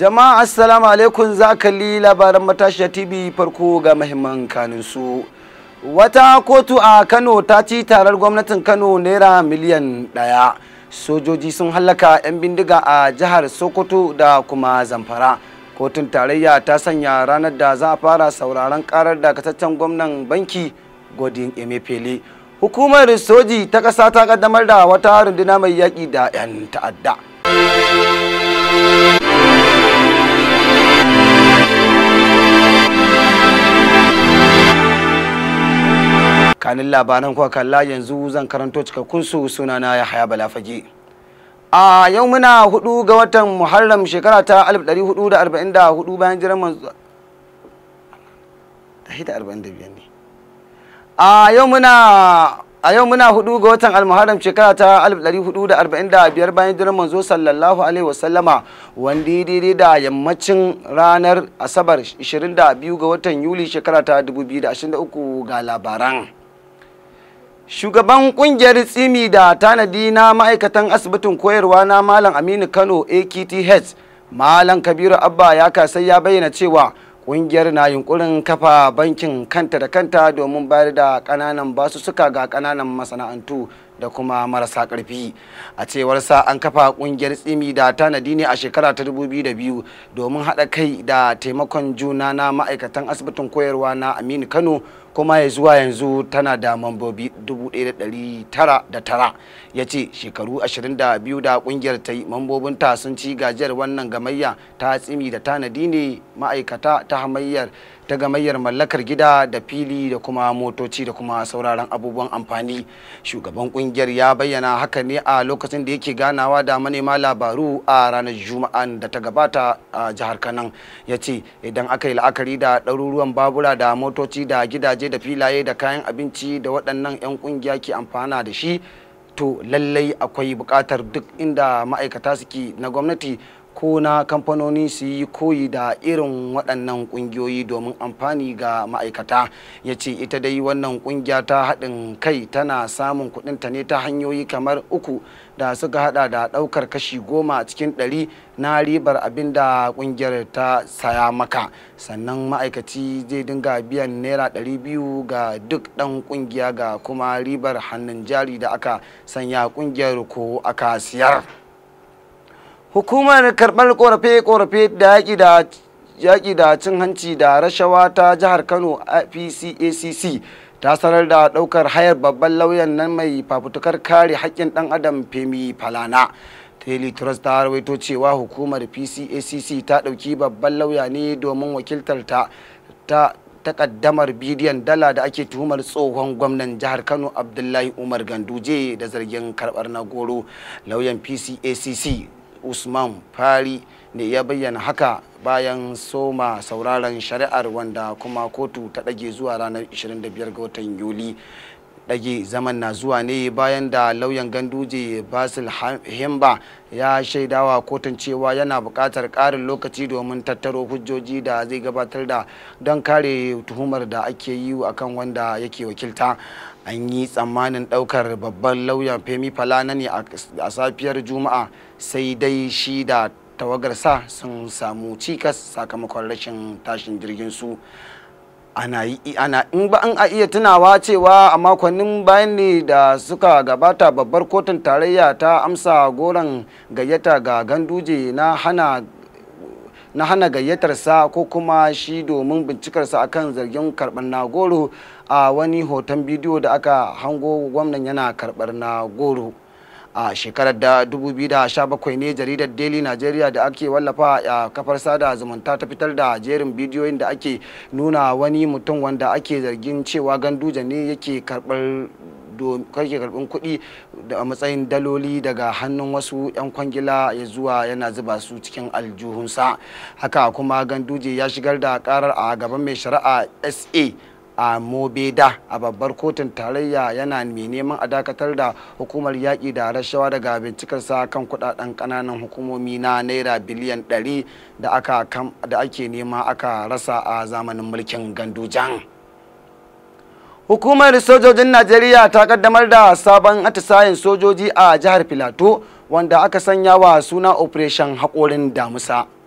Jama'a assalamu alaikum za ka li labaran matashiya TV farko ga mahimman kanin su. Wata kotu a Kano ta ci tarar gwamnatin Kano naira miliyan ɗaya. Sojoji sun hallaka 'yan bindiga a jihar Sokoto da kuma Zamfara. Kotun tarayya ta sanya ranar da za a fara sauraron karar dakataccen gwamnan banki Godin Emefele. Hukumar soji ta ƙasa ta ƙaddamar da wata runduna mai yaƙi da 'yan ta'adda. tsakanin labaran kuwa kalla yanzu zan karanto cikakkun suna na ya haya balafage a yau muna hudu ga watan muharram shekara ta 1444 bayan jiran manzo a yau muna a yau muna hudu ga watan almuharram shekara ta 1445 bayan jiran manzo sallallahu alaihi wasallama wanda ya daidai da yammacin ranar asabar 22 ga watan yuli shekara ta 2023 ga labaran Shugaban kungiyar tsimi da tanadi na ma'aikatan asibitin koyarwa na Malam Aminu Kano AKTH, Malam Kabiru Abba ya kasai ya bayyana cewa kungiyar na yunkurin kafa bankin kanta da kanta domin bayar da kananan basu suka ga kananan masana'antu da kuma marasa ƙarfi a cewarsa an kafa ƙungiyar tsimi da tanadi ne a shekara ta 2002 domin haɗa kai da taimakon juna na ma'aikatan asibitin koyarwa na aminu kano kuma ya zuwa yanzu tana da mambobi 1,909 ya ce shekaru 22 da kungiyar ta yi mambobinta sun ci gajiyar wannan gamayya ta tsimi da tanadi ne ma'aikata ta hamayyar ta gamayyar mallakar gida da fili da kuma motoci da kuma sauraron abubuwan amfani shugaban kungiyar ya bayyana haka ne a lokacin da yake ganawa da manema labaru a ranar juma'a da ta gabata a jihar kanan ya ce idan aka yi la'akari da ɗaruruwan babura da motoci da gidaje da filaye da kayan abinci da waɗannan 'yan kungiya ke amfana da shi to lallai akwai buƙatar duk inda ma'aikata suke na gwamnati ko na kamfanoni su yi koyi da irin waɗannan ƙungiyoyi domin amfani ga ma'aikata ya ce ita dai wannan ƙungiya ta haɗin kai tana samun kuɗinta ne ta hanyoyi kamar uku da suka haɗa da ɗaukar kashi goma cikin ɗari na ribar abin da ƙungiyar ta saya maka sannan ma'aikaci zai dinga biyan naira ɗari biyu ga duk ɗan ƙungiya ga kuma ribar hannun jari da aka sanya ƙungiyar ko aka siyar. hukumar karɓar korafe-korafe da yaƙi da cin hanci da rashawa ta jihar kano pcacc ta sanar da ɗaukar hayar babban lauyan nan mai fafutukar kare haƙƙin ɗan adam femi falana Daily Trust ta rawaito cewa hukumar PCACC ta ɗauki babban lauya ne domin wakiltar ta ta takaddamar bidiyon dala da ake tuhumar tsohon gwamnan jihar Kano Abdullahi Umar Ganduje da zargin karbar na goro lauyan PCACC usman fari ne ya bayyana haka bayan soma sauraron shari'ar wanda kuma kotu ta ɗage zuwa ranar 25 ga watan yuli ɗage zaman na zuwa ne bayan da lauyan ganduje basil himba ya shaidawa kotun cewa yana buƙatar ƙarin lokaci domin tattaro hujjoji da zai gabatar da don kare tuhumar da ake yi akan wanda yake wakilta an yi tsammanin ɗaukar babban lauyan femi falana ne a safiyar juma'a sai dai shi da tawagarsa sun samu cikas sakamakon rashin tashin jirgin su ana in ba an a iya tunawa cewa a makonnin bayan ne da suka gabata babbar kotun tarayya ta amsa goron gayyata ga ganduje na hana na hana gayyatarsa ko kuma shi domin bincikarsa akan zargin karɓar na goro a wani hoton bidiyo da aka hango gwamnan yana karɓar na goro a shekarar da 2017 ne jaridar daily nigeria da ake wallafa a kafar sada zumunta ta fitar da jerin bidiyoyin da ake nuna wani mutum wanda ake zargin cewa ganduja ne yake karbar karke karbin kuɗi da matsayin daloli daga hannun wasu 'yan kwangila ya zuwa yana zuba su cikin aljuhunsa haka kuma ganduje ya shigar da karar a gaban mai shari'a sa a mobeda a babbar kotun tarayya yana mai neman a dakatar da hukumar yaƙi da rashawa daga bincikarsa kan kudaden ƙananan hukumomi na naira biliyan 100 da ake nema aka rasa a zamanin mulkin gandujan. Hukumar sojojin Najeriya ta kaddamar da sabon atisayen sojoji a jihar Filato wanda aka sanya wa suna Operation Haƙorin Damusa.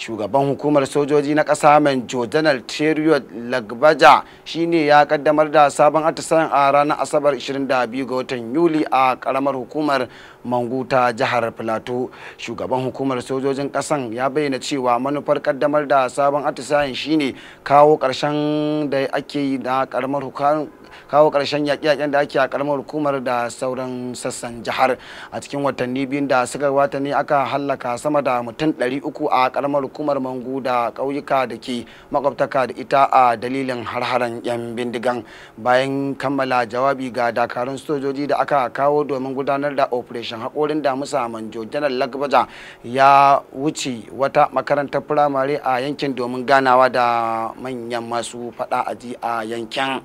shugaban hukumar sojoji na ƙasa mai jordanal terio lagbaja shine ya kaddamar da sabon atisayen a ranar asabar 22 ga watan yuli a karamar hukumar manguta jihar plateau shugaban hukumar sojojin ƙasan ya bayyana cewa manufar kaddamar da sabon atisayen shine kawo ƙarshen da ake yi na hukumar kawo ƙarshen yaƙe-yaƙen da ake a ƙaramar hukumar da sauran sassan jihar a cikin watanni biyun da suka gabata ne aka hallaka sama da mutum 300 a ƙaramar hukumar mangu da ƙauyuka da ke makwabtaka da ita a dalilin harharan 'yan bindigan bayan kammala jawabi ga dakarun sojoji da aka kawo domin gudanar da operation haƙorin damusa manjo janar lagbaja ya wuce wata makarantar firamare a yankin domin ganawa da manyan masu faɗa aji a yankin.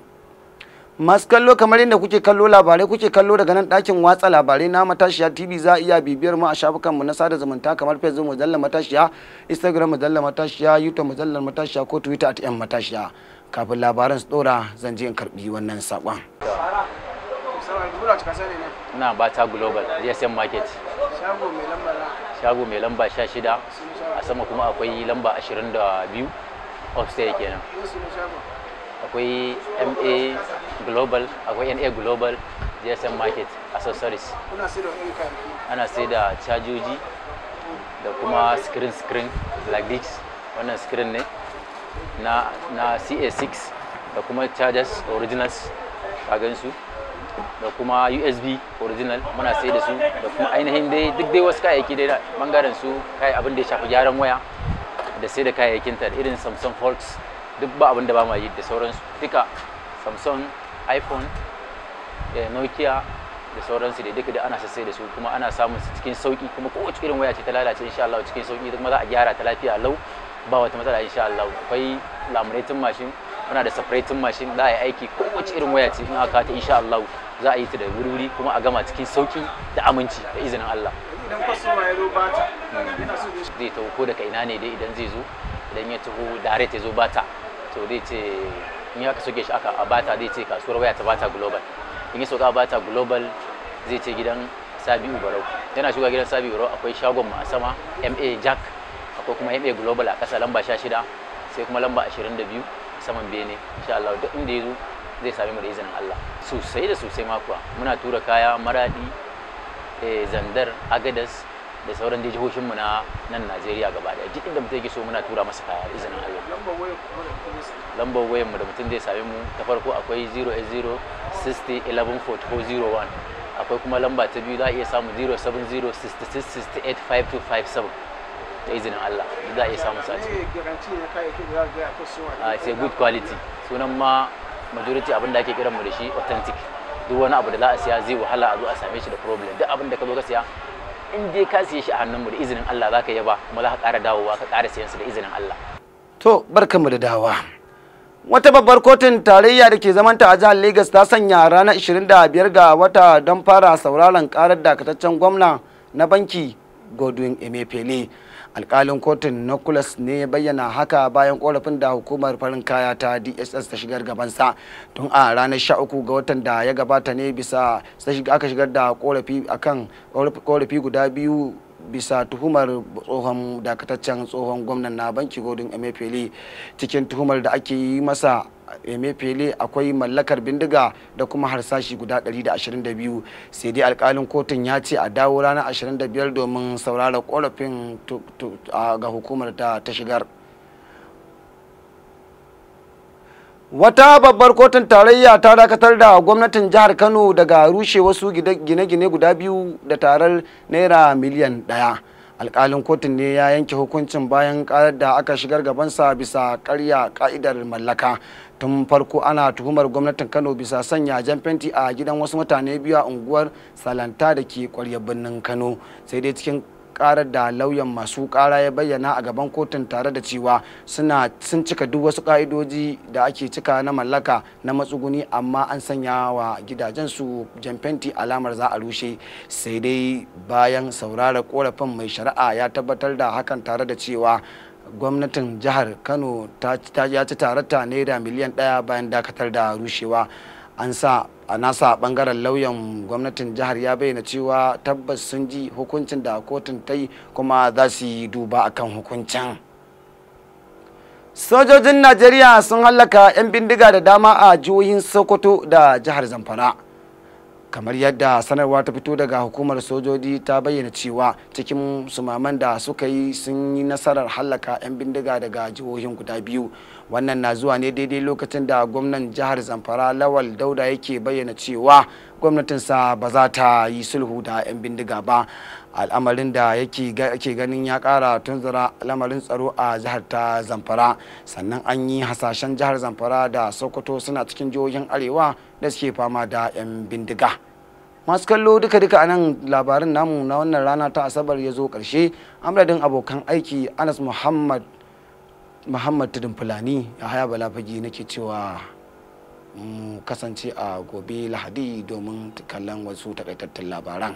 masu kallo kamar yadda kuke kallo labarai kuke kallo daga nan ɗakin watsa labarai na matashiya tv za a iya bibiyar mu a shafukanmu na sada zumunta kamar facebook mujallar matashiya instagram mujallar matashiya youtube mujallar matashiya ko twitter at yan matashiya kafin labaran su dora zan je in karbi wannan saƙon. na bata global gsm market shago mai lamba 16 a sama kuma akwai lamba 22 upstairs kenan akwai ma global akwai na global gsm market accessories ana sai da cajoji da kuma screen screen like this wannan screen ne na, na ca6 da kuma chargers originals kagansu da kuma usb original muna sai da su da kuma ainihin dai duk dai wasu kayayyaki dai bangaren su kai abin da ya shafi gyaran waya da sai da kayayyakin ta irin samsung folks duk ba abin da ba ma yi da sauransu duka samsung iphone eh, nokia da sauransu da duka da ana sassai da su kuma ana samun su cikin sauki kuma wacce irin waya ce ta lalace insha Allah cikin sauki kuma za a gyara ta lafiya lau ba wata matsala insha Allah akwai laminating machine muna da separating machine za a yi aiki wacce irin waya ce in aka ta insha Allah za a yi ta da wuri kuma a gama cikin sauki da aminci da izinin Allah idan kwasuma ya zo bata so zai ta ko daga ina ne dai idan zai zo idan ya taho direct ya zo bata to zai ce in ya soke shi aka abata zai ce kasuwar waya ta bata global in ya soka abata global zai ce gidan sabi barau yana shiga gidan sabiu ubarau akwai shagon a sama ma jack akwai kuma ma global a kasa lamba sha shida sai kuma lamba ashirin da biyu a saman bene insha Allah duk inda ya zo zai sami mu da izinin Allah sosai da sosai makuwa muna tura kaya maradi eh, zandar agadas da sauran da jihohinmu na nan Najeriya gaba daya duk inda mutum yake so muna tura masa kaya izinin Allah lambar wayar mu da mutum zai same mu ta farko akwai 08060114401 akwai kuma lamba ta biyu za a iya samu 070 da izinin Allah za a iya samu su a ciki a ce ah, good quality sunan ma majority abin da ake kiran mu da shi authentic duk wani abu da za a siya zai wahala a zo a same shi da problem duk abin da ka zo ka siya in dai ka siye shi a hannunmu da izinin Allah za ka yaba kuma za ka ƙara dawowa ka ƙara siyan su da izinin Allah. To barkanmu da dawa. Wata babbar kotun tarayya da ke zamanta a jihar Legas ta sanya ranar 25 ga wata don fara sauraron karar dakataccen gwamna na banki Godwin Emefiele. alkalin kotun nucleus ne ya bayyana haka bayan korafin da hukumar farin kaya ta dss ta shigar gabansa tun a ranar 13 ga watan da ya gabata ne bisa aka shigar da korafi korafi guda biyu bisa tuhumar tsohon dakataccen tsohon gwamnan na banki godin emefele cikin tuhumar da ake yi masa emefele akwai mallakar bindiga da kuma harsashi guda 122 sai dai alkalin kotun ya ce a dawo ranar 25 domin saurara korafin ga hukumar ta shigar wata babbar kotun tarayya ta dakatar da gwamnatin jihar kano daga rushe wasu gine-gine guda biyu da tarar naira miliyan ɗaya alkalin kotun ne ya yanke hukuncin bayan karar da aka shigar gabansa bisa karya ka'idar mallaka tun farko ana tuhumar gwamnatin kano bisa sanya jan fenti a gidan wasu mutane biyu a unguwar salanta da ke kwarya birnin kano sai dai cikin karar da lauyan masu kara ya bayyana a gaban kotun tare da cewa suna sun cika duk wasu ka'idoji da ake cika na mallaka na matsuguni amma an sanya wa gidajen su jamfenti alamar za a rushe sai dai bayan saurara korafin mai shari'a ya tabbatar da hakan tare da cewa gwamnatin jihar kano ya ci tarata naira miliyan daya bayan dakatar da rushewa an sa a nasa bangaren lauyan gwamnatin jihar ya bayyana cewa tabbas sun ji hukuncin da kotun ta yi kuma za su yi duba akan hukuncin sojojin najeriya sun hallaka 'yan bindiga da dama a jihohin sokoto da jihar zamfara kamar yadda sanarwa ta fito daga hukumar sojoji ta bayyana cewa cikin sumaman da suka yi sun yi nasarar hallaka 'yan bindiga daga jihohin guda biyu wannan na zuwa ne daidai lokacin da gwamnan jihar zamfara lawal dauda yake bayyana cewa gwamnatinsa ba za ta yi sulhu da 'yan bindiga ba al'amarin da yake ganin ya kara tunzura lamarin tsaro a jihar ta zamfara sannan an yi hasashen jihar zamfara da sokoto suna cikin jihohin arewa da suke fama da 'yan bindiga masu kallo duka-duka a nan labarin namu na wannan rana ta asabar ya zo karshe amradin abokan aiki anas muhammad muhammad tudun fulani a haya balafagi nake cewa mu mm, kasance a gobe lahadi domin kallon wasu takaitattun labaran.